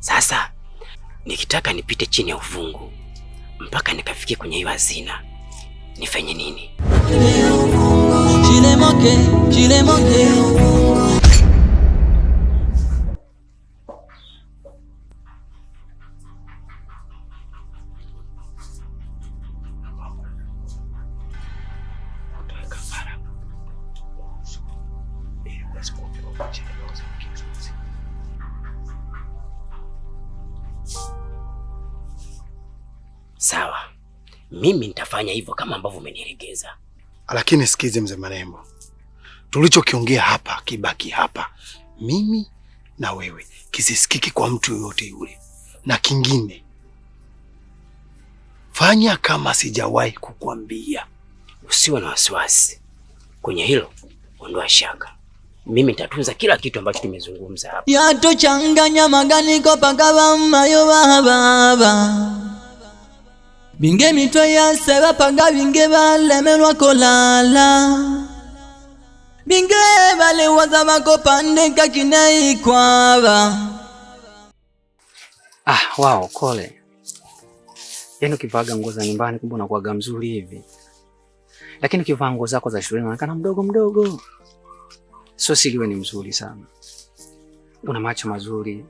Sasa nikitaka nipite chini ya uvungu mpaka nikafikia kwenye hiyo hazina, nifanye nini? Sawa, mimi nitafanya hivyo kama ambavyo umenielekeza. Lakini sikize mzee Marembo, tulichokiongea hapa kibaki hapa, mimi na wewe, kisisikiki kwa mtu yoyote yule. Na kingine, fanya kama sijawahi kukwambia. Usiwe na wasiwasi kwenye hilo, ondoa shaka. Mimi nitatunza kila kitu ambacho tumezungumza hapa. yatochanganya maganiko pakawa mayo baba binge mitwe yase panga binge menwa kolala binge pande kakine ikwava ah, wao kole yaani ukivaaga nguo za nyumbani kumbe unakuwaga mzuri hivi, lakini ukivaa nguo zako za shuleni unaonekana mdogo mdogo. Sio siliwe ni mzuri sana, una macho mazuri,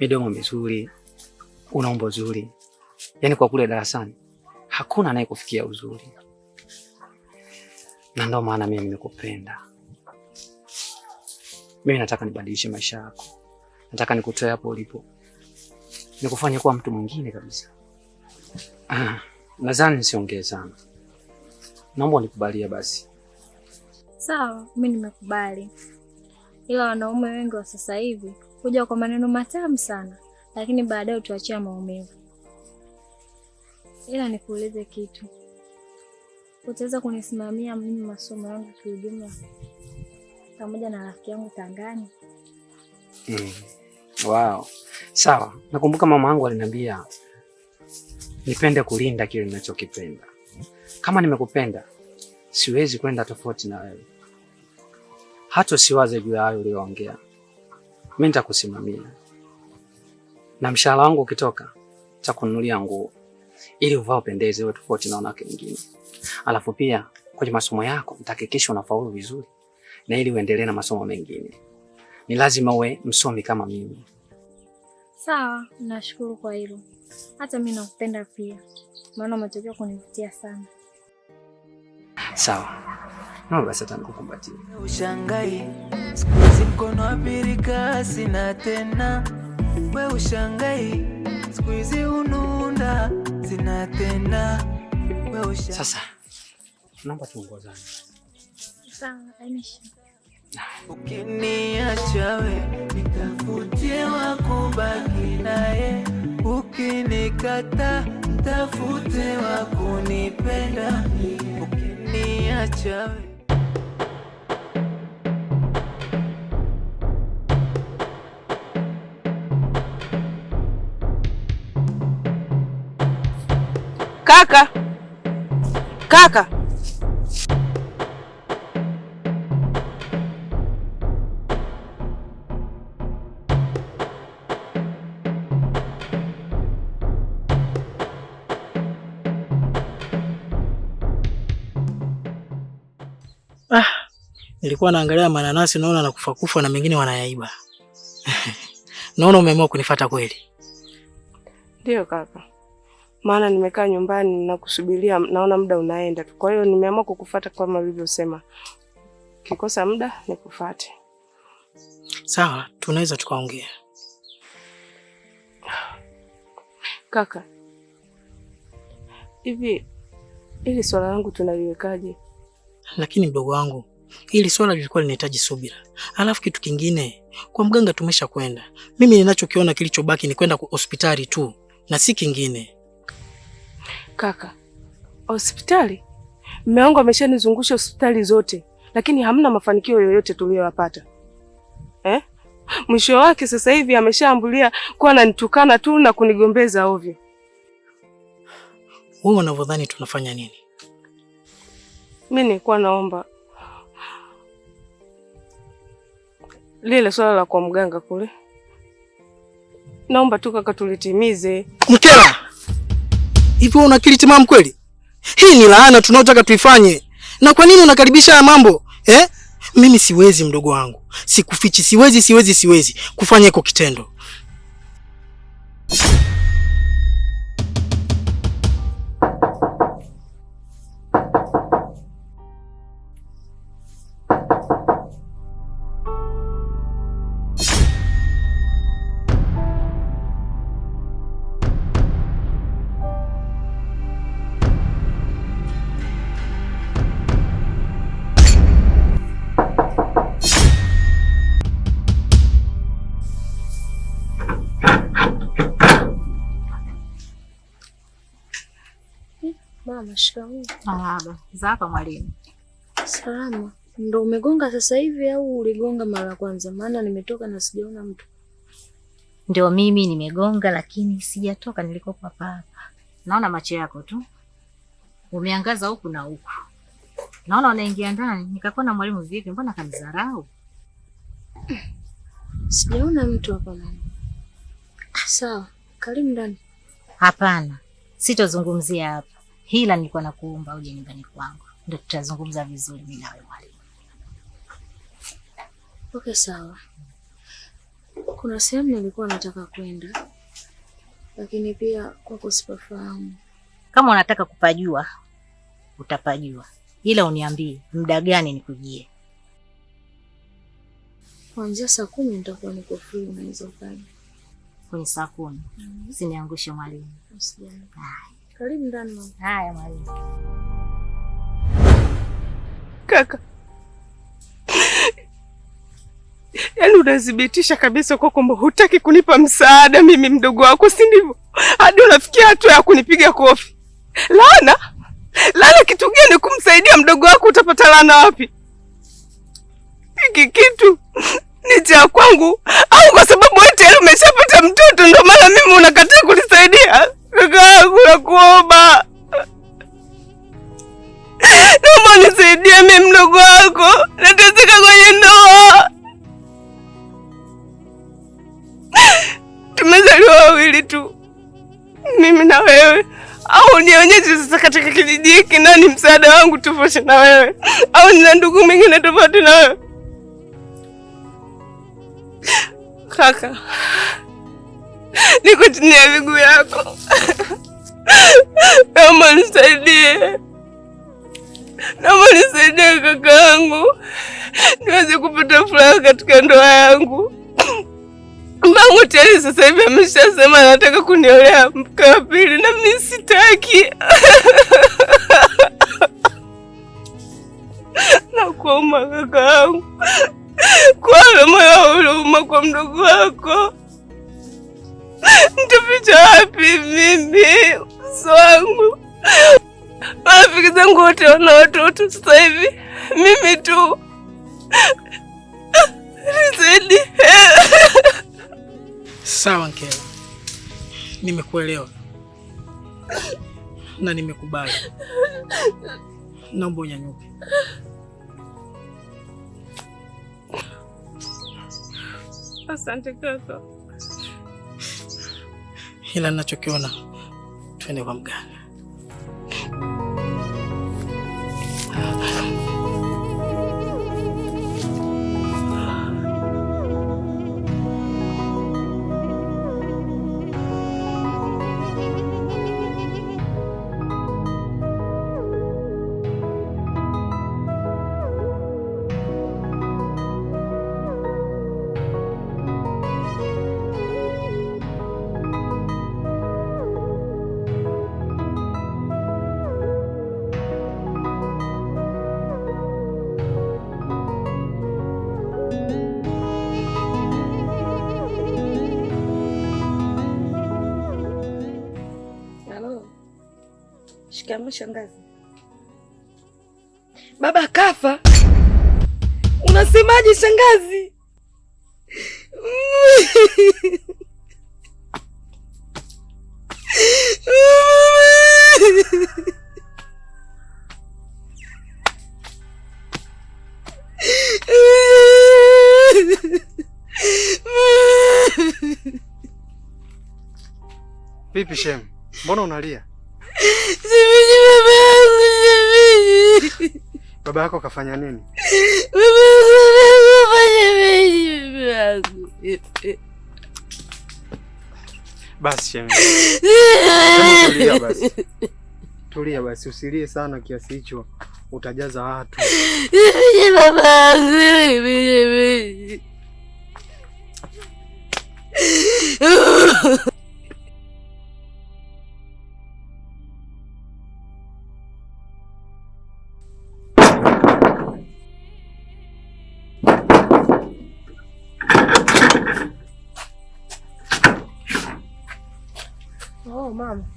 midomo mizuri, una umbo zuri Yaani kwa kule darasani hakuna anayekufikia uzuri, na ndio maana mimi nimekupenda. Mimi nataka nibadilishe maisha yako, nataka nikutoe hapo ulipo, nikufanye kuwa mtu mwingine kabisa. Ah, nadhani nisiongee sana, naomba nikubalia basi. Sawa, mimi nimekubali, ila wanaume wengi wa sasa hivi huja kwa maneno matamu sana, lakini baadaye utuachia maumivu ila nikuulize kitu, utaweza kunisimamia mimi masomo yangu kiujumla pamoja na rafiki yangu Tangani? Mm. Wow. Sawa, nakumbuka mama yangu aliniambia nipende kulinda kile ninachokipenda. Kama nimekupenda siwezi kwenda tofauti na wewe, hata siwaze juu ya hayo uliyoongea. Mimi nitakusimamia na mshahara wangu ukitoka, nitakununulia nguo ili uvao pendeze wewe tofauti na wanawake wengine. Alafu pia kwenye masomo yako utahakikisha unafaulu vizuri, na ili uendelee na masomo mengine ni lazima uwe msomi kama mimi. Sawa, nashukuru kwa hilo. Hata mimi nakupenda pia, maana umetokea kunivutia sana. Sawa, na basi hata nikukumbatia. Ushangai siku hizi mkono wa pili sina tena, we ushangai siku hizi ununda zinatenda wewe. Sasa naomba tuongozane. Ukiniacha we nitafutie kubaki naye, ukinikata nitafute wa kunipenda. Ukiniacha we Kaka, kaka, ah, nilikuwa naangalia mananasi naona na kufa kufa na mengine wanayaiba. Naona umeamua kunifata kweli? Ndio kaka maana nimekaa nyumbani kusubiria, naona muda unaenda tu. Kwa hiyo nimeamua kukufuata kama ulivyosema, kikosa muda nikufuate. Sawa, tunaweza tukaongea kaka. Hivi ili swala langu tunaliwekaje? Lakini mdogo wangu, ili swala lilikuwa linahitaji subira. Alafu kitu kingine, kwa mganga tumesha kwenda. Mimi ninachokiona kilichobaki ni kwenda hospitali tu na si kingine. Kaka, hospitali? Mume wangu ameshanizungusha hospitali zote, lakini hamna mafanikio yoyote tuliyoyapata eh? Mwisho wake sasa hivi ameshaambulia kuwa ananitukana tu na kunigombeza ovyo. Wewe unavyodhani tunafanya nini? Mi nilikuwa naomba lile swala la kwa mganga kule, naomba tu kaka tulitimize. Mkela Hivi wewe una akili timamu kweli? Hii ni laana tunaotaka tuifanye. Na kwa nini unakaribisha haya mambo? Eh? Mimi siwezi mdogo wangu. Sikufichi, siwezi siwezi siwezi kufanya hiko kitendo. Salama. Shikamoo. Marahaba. Za hapa mwalimu. Salama. Ndo umegonga sasa hivi au uligonga mara ya kwanza? Maana nimetoka na sijaona mtu. Ndio mimi nimegonga, lakini sijatoka, nilikokuwa hapa. Naona macho yako tu umeangaza huku na huku, naona unaingia ndani. Nikakuwa na mwalimu, vipi, mbona kanidharau? Sijaona mtu hapa mama. Sawa, karibu ndani. Hapana, sitozungumzia hapa hila nilikuwa nakuomba uje nyumbani kwangu, ndio tutazungumza vizuri mimi nawe mwalimu. Okay, sawa. Kuna sehemu nilikuwa nataka kwenda, lakini pia kwako sipafahamu. Kama unataka kupajua utapajua, ila uniambie muda gani nikujie. Kuanzia saa kumi nitakuwa niko free, unaweza ukaja kwenye saa kumi. Mhm. Usiniangushe mwalimu. Karibu ndani mama. Haya mwalimu. Kaka, yaani kabisa kwa kwamba hutaki kunipa msaada mimi mdogo wako, si ndivyo? Hadi unafikia hatua ya kunipiga kofi. Laana laana, kitu gani? Kumsaidia mdogo wako utapata laana wapi? Hiki kitu ni cha kwangu au kwa sababu wewe tayari umeshapata mtoto ndio maana mimi unakataa kunisaidia? Kakaangu, nakuomba naomba nisaidie, mimi mdogo wako nateseka kwenye ndoa. Tumezaliwa wawili tu, mimi na wewe, au nionyeshe sasa katika kijiji hiki nani msaada wangu tofauti na wewe, au nina ndugu mwingine tofauti na wewe kaka? niko chini ya miguu yako, naomba nisaidie, naomba nisaidie kakaangu, niweze kupata furaha katika ndoa yangu. Mbangu tayari sasa hivi ameshasema anataka kuniolea mke wa pili, na mimi sitaki. Nakuomba kakaangu, kuwa na moyo wa huruma kwa mdogo wako. Nitaficha wapi mimi uso wangu? Marafiki zangu wote wana watoto sasa hivi, mimi tu Rizedi. Sawa Nkela, nimekuelewa na nimekubali. Naomba unyanyuke. Asante kaka ila ninachokiona twende kwa mganga. Shikamoo shangazi. Baba kafa? Unasemaje shangazi? Vipi shem, mbona unalia? Baba yako kafanya nini? Basi tulia basi, usilie sana kiasi hicho, utajaza watu.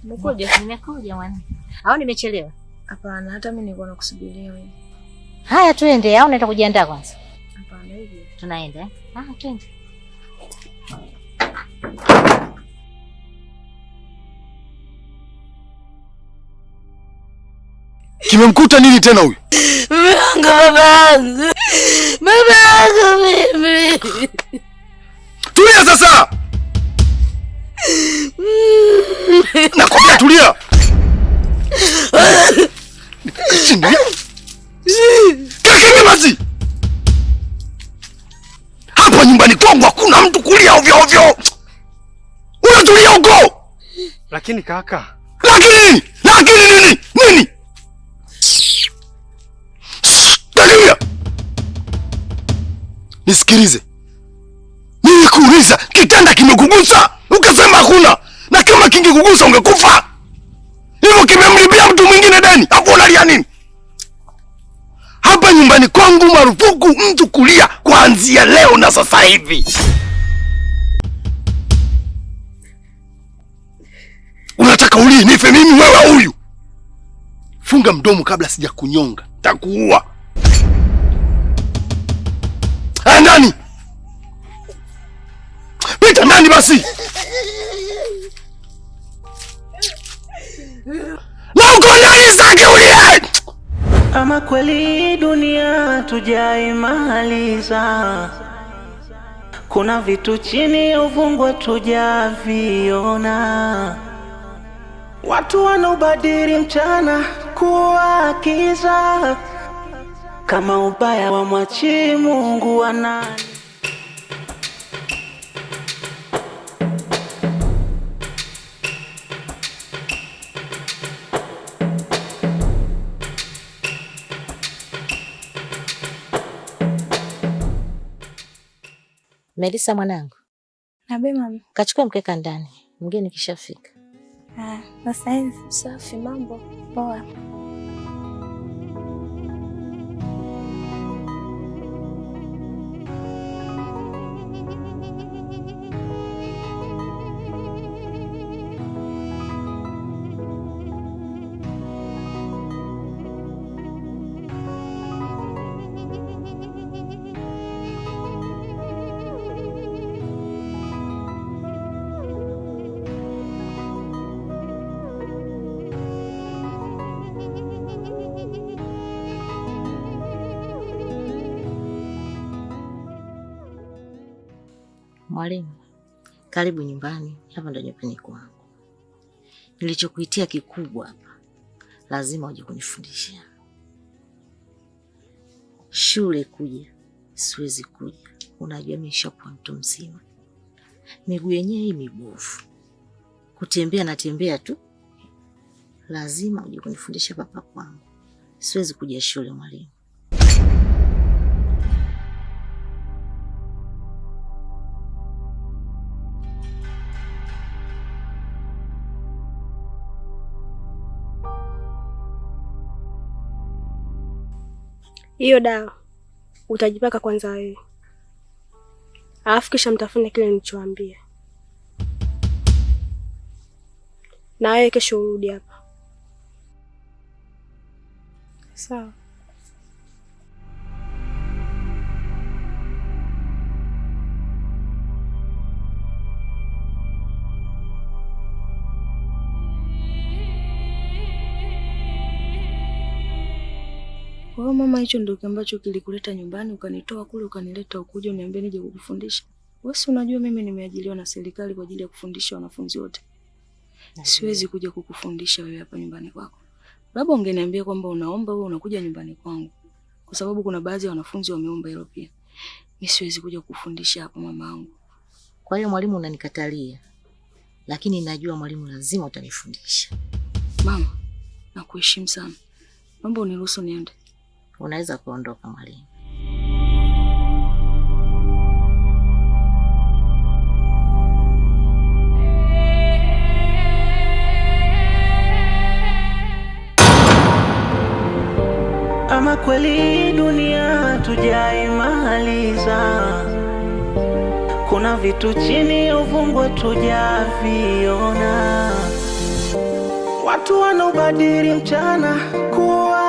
Umekuja? Nimekuja mwana. Au nimechelewa? Hapana, hata mimi nilikuwa nakusubiria wewe. Haya, twende au naenda kujiandaa kwanza? Hapana, hivi. Tunaenda eh? Ah, twende. Kimemkuta nini tena huyu? Mama yangu mimi. Tulia sasa. Nakwambia tulia. Basi hapa nyumbani kwangu hakuna mtu kulia ovyo ovyo, unatulia huko. Lakini kaka, lakini nini? Lakini nini? Nini? Nisikilize kuuliza kitanda kimekugusa? Ukasema hakuna, na kama kingekugusa ungekufa. Hivyo kimemlipia mtu mwingine deni, hapo unalia nini? Hapa nyumbani kwangu marufuku mtu kulia kuanzia leo na sasa hivi. Unataka ulie nife mimi, wewe huyu? Funga mdomo kabla sija kunyonga, takuua. Pita ndani basi, na Isaki ulie. Ama kweli dunia tujaimaliza, kuna vitu chini uvungwa tujaviona, watu wanaubadili mchana kuakiza kama ubaya wa mwachi Mungu nani Melisa mwanangu. Nabe mama. Kachukua mkeka ndani. Mgeni kishafika. Ah, sasa hivi. Safi mambo. Poa. Mwalimu, karibu nyumbani. Hapa ndo nyumbani kwangu. Nilichokuitia kikubwa hapa, lazima uje kunifundisha. Shule kuja siwezi kuja, unajua mimi nishakuwa mtu mzima, miguu yenyewe hii mibovu, kutembea natembea tu. Lazima uje kunifundisha papa kwangu, siwezi kuja shule mwalimu. Hiyo dawa utajipaka kwanza wewe, alafu kisha mtafune kile nilichoambia, na wewe kesho urudi hapa sawa? Kwa oh, mama, hicho ndio ambacho kilikuleta nyumbani, ukanitoa kule, ukanileta ukuja uniambia nije kukufundisha. Wewe unajua mimi nimeajiliwa na serikali kwa ajili ya kufundisha wanafunzi wote, siwezi kuja kukufundisha wewe hapa nyumbani kwako. Labda ungeniambia kwamba unaomba wewe unakuja nyumbani kwangu, kwa sababu kuna baadhi ya wanafunzi wameomba hilo pia. Mimi siwezi kuja kukufundisha hapa mamaangu. Kwa hiyo mwalimu, unanikatalia, lakini najua mwalimu, lazima utanifundisha. Mama, nakuheshimu sana, naomba uniruhusu niende unaweza kuondoka mwalimu. Ama kweli dunia tujaimaliza, kuna vitu chini ya tujaviona, watu wanaobadili mchana kuwa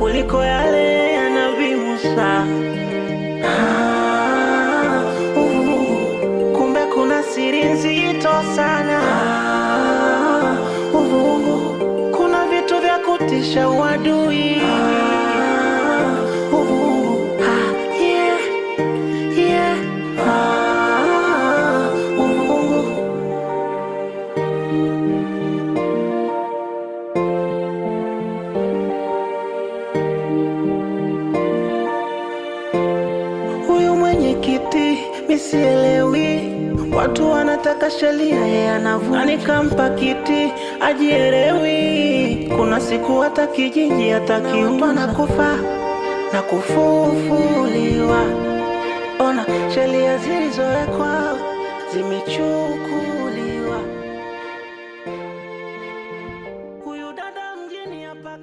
kuliko yale yanaviusa. Ah, uh, kumbe kuna siri nzito sana. Ah, uh, uh, kuna vitu vya kutisha uadui. sielewi, watu wanataka sheria, yeye anavuna, nikampa kiti ajielewi. Kuna siku hata kijiji hata kiumba na kufa na kufufuliwa. Ona sheria zilizowekwa zimechukua